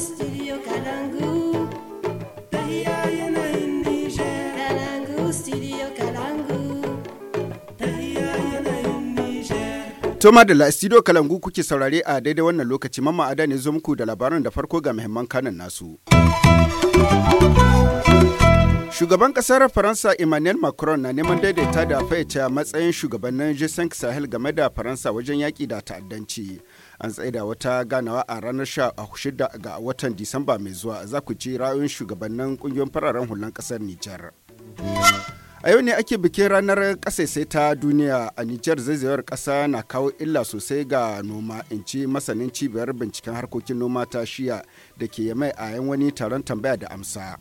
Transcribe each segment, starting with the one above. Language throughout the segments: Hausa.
studio Kalangu. Tahiya yana yin Niger. Kalangu studio Kalangu. Tahiya yana yin Niger. Toma da studio Kalangu kuke saurare a daidai wannan lokaci mamma ada ne zo muku da labaran da farko ga muhimman kanan nasu. Shugaban kasar Faransa Emmanuel Macron na neman daidaita da faice matsayin shugabannin g Sahel game da Faransa wajen yaƙi da ta'addanci. An tsaida wata ganawa a ranar 16 ga watan Disamba mai zuwa za ku ci ra'ayoyin shugabannin ƙungiyoyin fararen hulan ƙasar Nijar. A yau ne ake bikin ranar ƙasaisai ta duniya a Nijar zaizayar kasa na kawo illa sosai ga noma in ci masanin cibiyar binciken harkokin noma ta shiya da ke yamai a yan wani taron tambaya da amsa.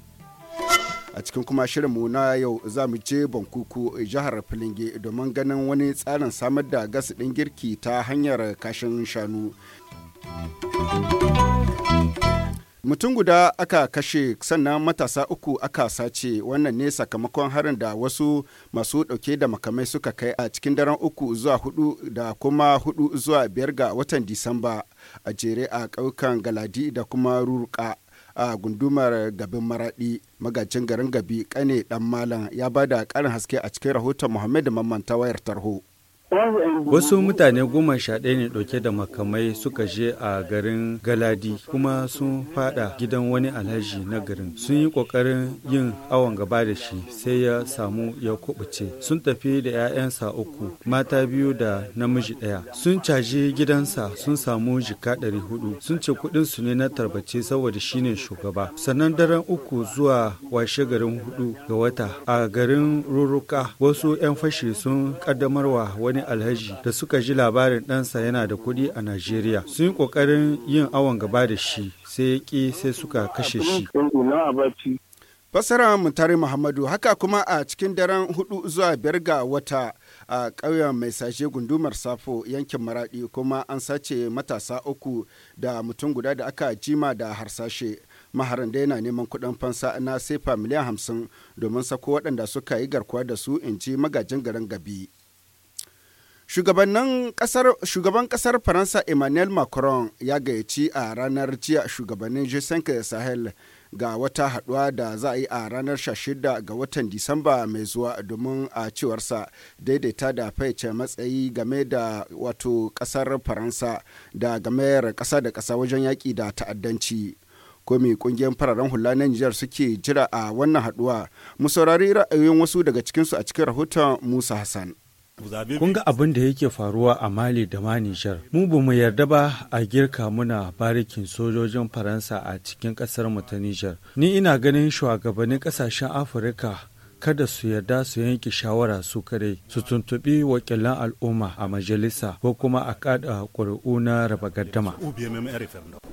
a cikin kuma shirin mu na yau za mu je bankuku jihar filinge domin ganin wani tsarin samar da gas ɗin girki ta hanyar kashin shanu mutum guda aka kashe sannan matasa uku aka sace wannan ne sakamakon harin da wasu masu dauke da makamai suka kai a cikin daren uku zuwa hudu da kuma hudu zuwa biyar ga watan disamba a jere a ƙauyukan galadi da kuma ruruka a gundumar gabin maradi magacin garin gabi kane dan malam ya bada karin haske a cikin rahoton muhammadu mamman ta wayar tarho Wasu mutane goma sha ɗaya ne ɗauke da makamai suka je a garin Galadi kuma sun fada gidan wani alhaji na garin. Sun yi ƙoƙarin yin awon gaba da shi sai ya samu ya kubuce. Sun tafi da 'ya'yansa uku, mata biyu da namiji ɗaya. Sun caji gidansa sun samu jika ɗari hudu. Sun ce kuɗin ne na tarbace saboda shi ne shugaba. Sannan daren uku zuwa washe garin hudu ga wata a garin Ruruka wasu 'yan fashi sun ƙaddamarwa wani wani alhaji da suka ji labarin ɗansa yana da kuɗi a Najeriya. Sun yi ƙoƙarin yin awon gaba da shi sai ya ƙi sai suka kashe shi. Fasara Mutare Muhammadu haka kuma a cikin daren hudu zuwa biyar ga wata a ƙauyen mai sashe gundumar Safo yankin Maradi kuma an sace matasa uku da mutum guda da aka jima da harsashe. maharin da yana neman kuɗin fansa na sefa miliyan hamsin domin sako waɗanda suka yi garkuwa da su in ji magajin garin gabi. Shugaban kasar Faransa Emmanuel Macron ya gayyaci a ranar jiya shugabannin g Sahel ga wata haɗuwa da za a yi a ranar 16 ga watan Disamba mai zuwa domin a cewarsa daidaita da fayyace matsayi game da wato ƙasar Faransa da da ƙasa da ƙasa wajen yaƙi da ta'addanci. ko mai kungiyar fararen hula na Nijar suke jira a wannan haɗuwa mu saurari ra'ayoyin wasu daga cikinsu a cikin rahoton Musa Hassan. Kun ga abin da yake faruwa a Mali da ma Mu ba mu yarda ba a girka muna barikin sojojin Faransa a cikin ƙasar mu ta Nijar. Ni ina ganin shugabannin ƙasashen Afirka kada su yarda su yanke shawara su kare su tuntubi wakilan al'umma a majalisa ko kuma a kada ƙuri'u na raba gardama.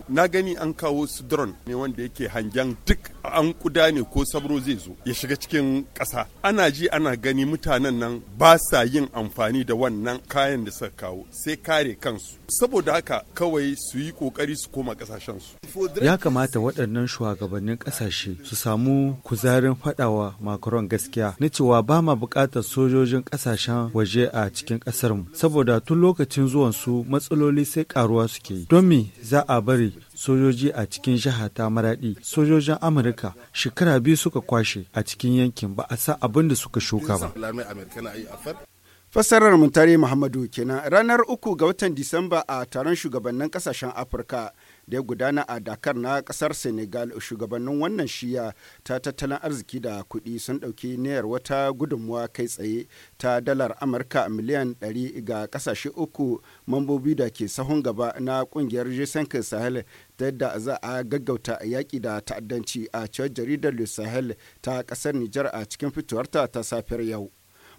Na gani an kawo su drone ne wanda yake hangen duk an kuda ne ko sabro zai zo ya shiga cikin ƙasa ana ji ana gani mutanen nan ba sa yin amfani da wannan kayan da suka kawo sai kare kansu saboda haka kawai su yi kokari su koma ƙasashensu ya kamata waɗannan shugabannin ƙasashe su samu kuzarin faɗawa Macron gaskiya na cewa ba ma buƙatar sojojin ƙasashen waje a cikin ƙasarmu saboda tun lokacin zuwan su matsaloli sai ƙaruwa suke yi don me za a bari sojoji a cikin jiha ta maradi sojojin amurka shekara biyu suka kwashe a cikin yankin ba a sa abin da suka shuka ba fassarar mutare muhammadu kenan ranar uku ga watan disamba a taron shugabannin kasashen afirka da ya gudana a dakar na kasar senegal shugabannin wannan shiya ta tattalin arziki da kuɗi sun ɗauki niyyar wata gudunmuwa kai tsaye ta dalar amurka miliyan 100 ga kasashe uku mambobi da ke sahun gaba na ƙungiyar jisankin sahel ta yadda za a gaggauta yaƙi da ta'addanci a cewar jaridar le sahel ta ƙasar nijar a cikin fitowarta ta safiyar yau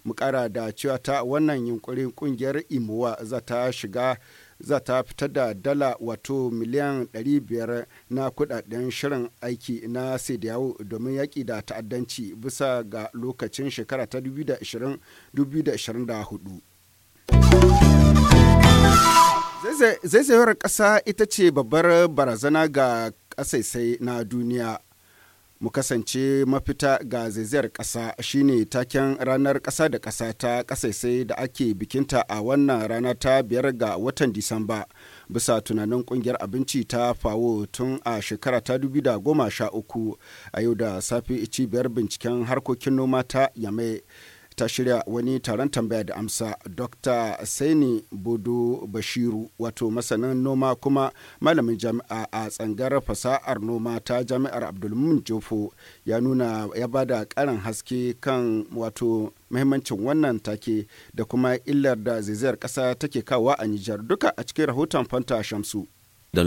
mu kara da cewa ta wannan yunkurin kungiyar imowa za ta shiga za ta fitar da dala wato miliyan 500 na kudaden shirin aiki na sediyawo domin yaƙi da ta'addanci bisa ga lokacin shekara ta 2020-2024 zaizayewar ƙasa ita ce babbar barazana ga ƙasaisai na duniya mu kasance mafita ga zaizayar ƙasa shine taken ranar ƙasa da ƙasa ta ƙasaisai da ake bikinta a wannan rana ta biyar ga watan disamba bisa tunanin kungiyar abinci ta fawo tun a shekara ta goma sha uku a yau da safe cibiyar binciken harkokin noma ta yame ta shirya wani taron tambaya da amsa dr saini bodo bashiru wato masanin noma kuma malamin jami'a a tsangarar fasa'ar noma ta jami'ar abdulmumin jofo ya nuna ya bada karin haske kan wato mahimmancin wannan take da kuma illar da zaizayar kasa take kawa a nijar duka a cikin rahoton fanta shamsu A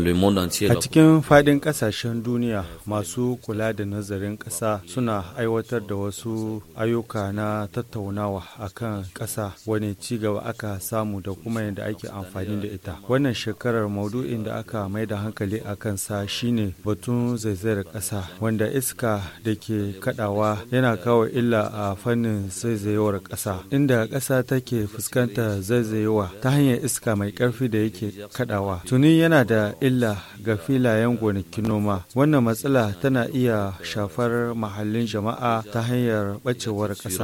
cikin faɗin ƙasashen duniya masu kula da nazarin ƙasa suna aiwatar da wasu ayyuka na tattaunawa akan ƙasa wani cigaba aka samu da kuma yadda ake amfani da ita. Wannan shekarar maudu'in da aka mai da hankali a kansa shine batun zaizayar ƙasa wanda iska da ke kaɗawa yana kawo illa a fannin zaizayewar ƙasa inda ƙasa take fuskantar zaizayewa ta hanyar iska mai ƙarfi da yake kaɗawa. Tuni yana da illa ga filayen gonakin noma. Wannan matsala tana iya shafar mahallin jama'a ta hanyar bacewar ƙasa.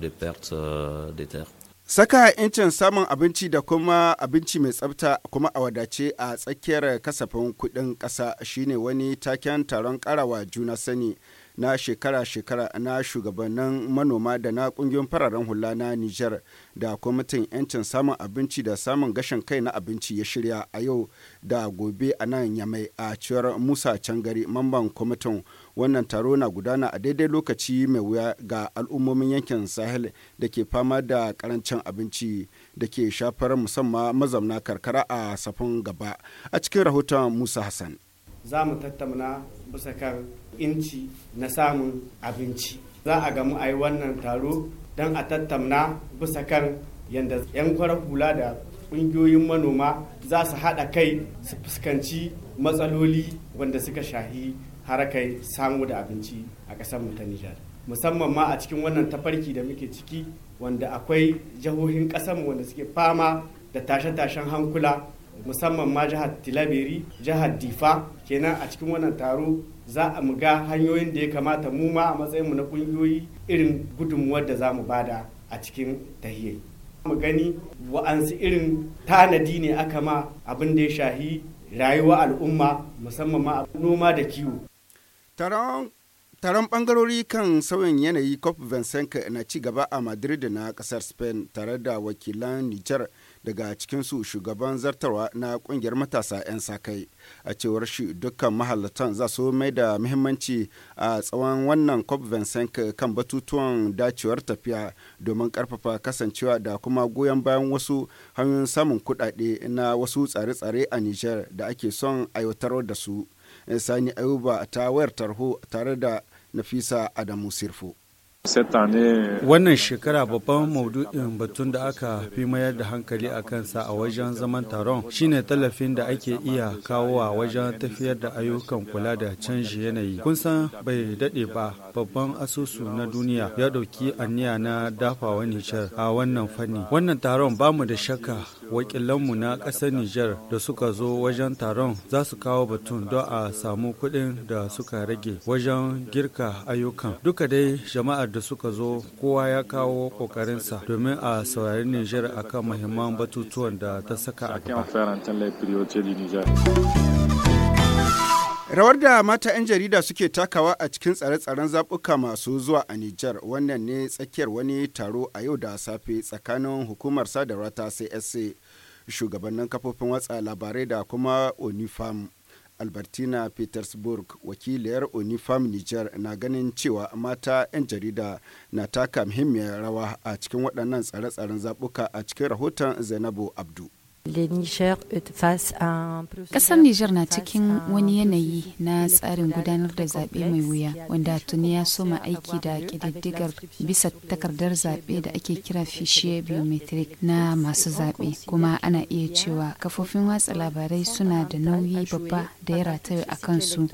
Euh, euh, Saka incin samun abinci da kuma abinci mai tsafta kuma a wadace a tsakiyar kasafin kudin ƙasa shine wani taken taron karawa juna sani na shekara-shekara na shugabannin manoma da na kungiyoyin fararen hula na Nijar da kwamitin 'yancin samun abinci da samun gashin kai na abinci ya shirya a yau da gobe a nan yamai a cewar Musa Cangari mamban kwamitin wannan taro na gudana a daidai lokaci mai wuya ga al'ummomin yankin Sahel da ke fama da karancin abinci da ke shafar musamman mazamna karkara a safin gaba a cikin rahoton Musa Hassan. Za mu tattauna bisa inci na samun abinci za a gamu a yi wannan taro don a tattauna bisa kan yadda 'yan kwara kula da ƙungiyoyin manoma za su haɗa kai su fuskanci matsaloli wanda suka shahi harakai samu da abinci a ƙasar ta Nijar. Musamman ma a cikin wannan tafarki da muke ciki wanda akwai jihohin ƙasar wanda suke fama da tashe-tashen hankula musamman ma jihar tilaberi jihar difa kenan a cikin wannan taro za a ga hanyoyin da ya kamata mu ma a matsayin mu na kungiyoyi irin gudunmuwar da za mu bada a cikin tahiyar mu gani wa'ansu irin tanadi ne aka ma abin da ya shahi rayuwar al'umma musamman ma noma da kiwo taron bangarori kan sauyin yanayi cop na ci gaba a madrid na kasar spain tare da wakilan niger daga cikinsu shugaban zartarwa na kungiyar matasa 'yan sakai a cewar shi dukkan mahallatan za su mai da muhimmanci a tsawon wannan cop kan batutuwan dacewar tafiya domin karfafa kasancewa da kuma goyon bayan wasu hanyoyin samun kudade na wasu tsare-tsare a niger da ake son aiwatar da su sani ayuba ta wayar tarho tare da nafisa adamu sirfo Wannan shekara babban maudu'in batun da aka fi mayar da hankali a kansa a wajen zaman taron shine tallafin da ake iya kawowa wajen tafiyar da ayyukan kula da canji yanayi. Kun san bai daɗe ba babban asusu na duniya ya ɗauki aniya na dafawa wani a wannan fanni. Wannan taron bamu da shakka wakilanmu na ƙasar Nijar da suka zo wajen taron za su kawo batun don a samu kuɗin da suka rage wajen girka ayyukan. Duka dai jama'ar da suka zo kowa ya kawo ƙoƙarinsa domin a saurari Nijar akan muhimman batutuwan da ta saka a gaba. Rawar da mata 'yan jarida suke takawa a cikin tsare-tsaren zaɓuka masu zuwa a Nijar wannan ne tsakiyar wani taro a yau da safe tsakanin hukumar sadarwa ta CSA shugabannin kafofin watsa labarai da kuma Onifam. Albertina Petersburg wakiliyar Onifam nijar na ganin cewa mata 'yan jarida na taka muhimmiyar rawa a cikin waɗannan tsare-tsaren zaɓuka a cikin rahoton Zainabu Abdu. Ƙasar Nijar na cikin wani yanayi na tsarin gudanar da zaɓe mai wuya wanda tuni ya soma aiki da ƙididdigar bisa takardar zaɓe da ake kira fishe biometric na masu zaɓe kuma ana iya cewa kafofin watsa labarai suna da nauyi babba da ya rataya a kansu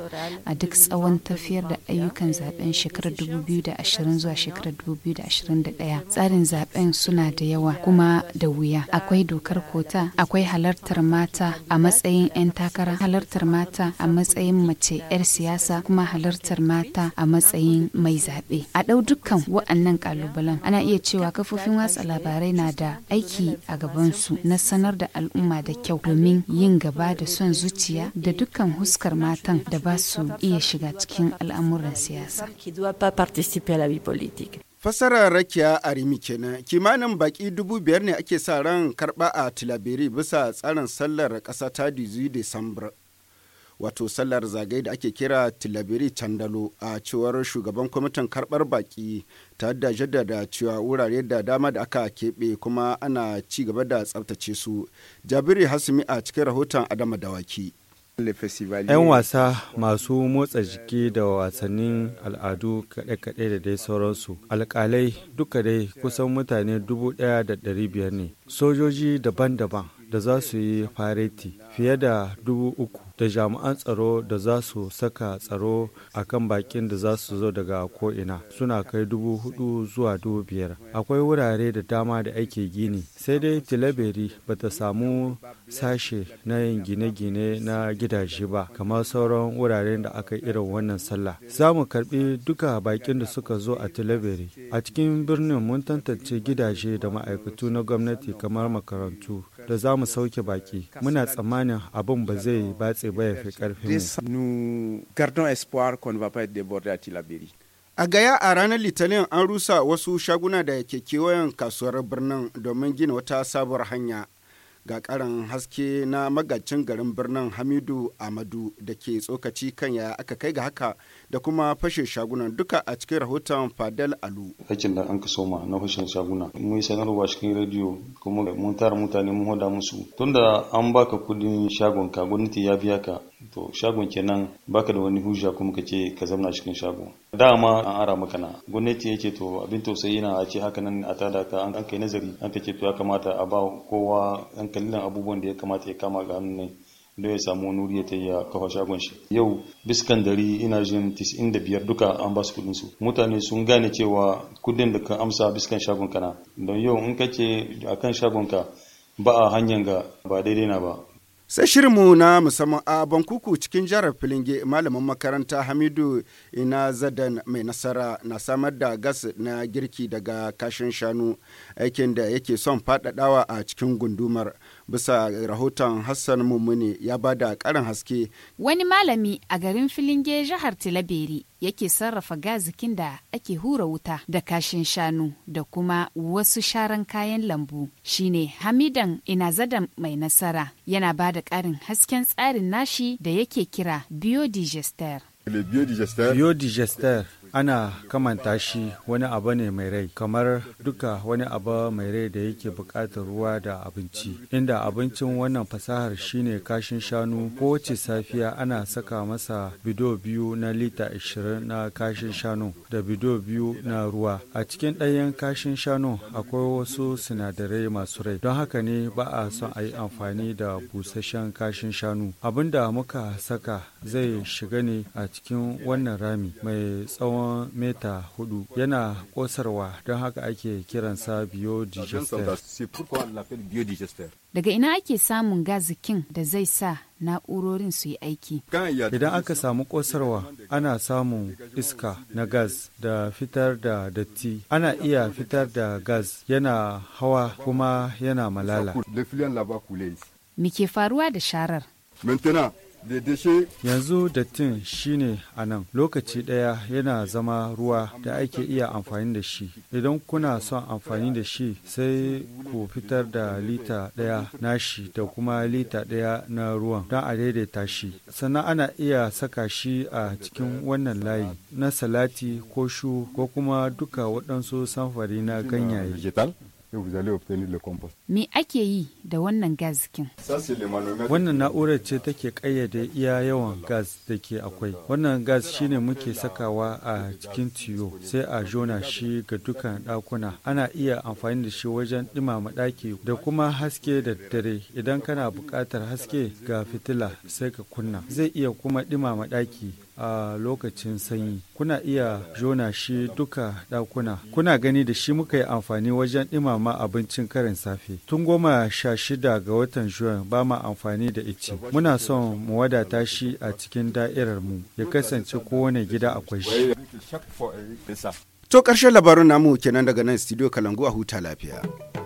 a duk tsawon tafiyar da ayyukan zaɓen shekarar 2020 zuwa shekarar 2021 tsarin zaɓen suna da yawa kuma da wuya akwai dokar kota a akwai halartar mata a matsayin 'yan takara halartar mata a matsayin mace 'yar siyasa kuma halartar mata a matsayin mai zaɓe a ɗau dukkan wa'annan ƙalubalen ana iya cewa kafofin watsa labarai na da aiki a gabansu na sanar da al'umma da kyau domin yin gaba da son zuciya da dukkan huskar matan da ba su iya shiga cikin al'amuran siyasa. Fasarar rakiya a Rimi kenan kimanin baki dubu biyar ne ake sa ran karɓa a tilabiri bisa tsarin sallar ƙasa ta 18 Disambar. Wato sallar zagaye da ake kira tilabiri Candalo a cewar shugaban kwamitin karɓar baki ta da jaddada cewa wurare da dama da aka keɓe kuma ana ci gaba da tsabtace su. Jabiri Hasumi a cikin rahoton Adama Dawaki. 'Yan wasa masu motsa jiki da wasannin al'adu kaɗe-kaɗe da dai sauransu. Alƙalai duka dai kusan mutane 1,500 ne, sojoji daban-daban da za su yi fareti fiye da dubu uku da jami'an tsaro da za su saka tsaro a kan bakin da za su zo daga ko'ina suna kai dubu hudu zuwa dubu biyar akwai wurare da dama da ake gini sai dai tilaberi ba ta samu sashe na yin gine-gine na gidaje ba kamar sauran wuraren da aka irin wannan sallah za mu karbi duka bakin da suka zo a tilaberi a cikin birnin mun tantance gidaje da ma'aikatu na gwamnati kamar makarantu da za mu sauke baki muna tsammanin abin ba zai batse ba ya fi karfin a gaya a ranar litinin an rusa wasu shaguna da ke kewayen kasuwar birnin domin gina wata sabuwar hanya ga karan haske na magacin garin birnin hamidu amadu da ke tsokaci kan yaya aka kai ga haka da kuma fashe shagunan duka a cikin rahoton fadel alu aikin da an kaso ma na fashe shaguna mun yi sanarwa cikin rediyo kuma mun tara mutane mun hoda musu tunda an baka kudin shagon ka gwamnati ya biya ka to shagon kenan baka da wani hujja kuma ka ce ka zauna cikin shago dama an ara maka na gwamnati ya ce to abin tausayi yana a ce haka nan a tada ka an kai nazari an ka ce to ya kamata a ba kowa an kalilan abubuwan da ya kamata ya kama ga hannun ne don ya samu wani wuri ya ta a kafa shagon shi yau biskan dari ina jin tis'in da biyar duka an ba su kudin su mutane sun gane cewa kudin da ka amsa biskan shagon ka na. don yau in ka ce akan shagon ka ba a hanyar ga ba daidai na ba sai shirinmu na musamman a bankuku cikin jihar filinge malamin makaranta hamidu ina zadan mai nasara na samar da gas na girki daga kashin shanu aikin da yake son faɗaɗawa a cikin gundumar bisa rahoton Hassan Mummuni ya ba da karin haske. Wani malami a garin Filinge jihar Tilaberi yake sarrafa gazikin da ake hura wuta da kashin shanu da kuma wasu sharan kayan lambu shine Hamidan Inazadan mai nasara yana ba da karin hasken tsarin nashi da yake kira biodigester. Biodigester ana kamanta shi wani abu ne mai rai kamar duka wani abu mai rai da yake buƙatar ruwa da abinci inda abincin wannan fasahar shine kashin shanu kowace safiya ana saka masa bido biyu na lita 20 na kashin shanu da bido biyu na ruwa a cikin ɗayan kashin shanu akwai wasu sinadarai masu rai don haka ne ba a son a yi amfani da busasshen kashin shanu abin da muka saka zai shiga ne a cikin wannan rami mai tsawon tsawon mita hudu yana kosarwa don haka ake kiransa biodigester. Daga ina ake samun gazikin da zai sa na'urorin su yi aiki. Idan aka samu kosarwa ana samun iska na gas da fitar da datti. Ana iya fitar da gas yana hawa kuma yana malala. Me ke faruwa da sharar? Yanzu dattin shine a nan lokaci ɗaya yana zama ruwa da ake iya amfani da shi. Idan kuna son amfani da shi sai ku fitar da lita ɗaya na shi da kuma lita ɗaya na ruwan don a daidaita shi. Sannan ana iya saka shi a cikin wannan layi na salati ko shu ko kuma duka waɗansu samfari na ganyaye. Me ake yi da wannan gas kin? Wannan na'urar ce take ƙayyade iya yawan gas da ke akwai. Wannan gas shine muke sakawa a cikin tiyo sai a jona shi ga dukkan ɗakuna. Ana iya amfani da shi wajen ɗimama ɗaki da kuma haske da dare. Idan kana buƙatar haske ga fitila sai ka kunna. Zai iya kuma ɗimama ɗaki a lokacin sanyi kuna iya jona shi duka ɗakuna kuna gani da shi muka yi amfani wajen ɗimama abincin karin safe tun goma sha shida ga watan juan ba ma amfani da ice muna son mu wadata shi a cikin da'irar mu ya kasance kowane gida akwai shi to ƙarshen labarun namu kenan daga nan studio kalangu a huta lafiya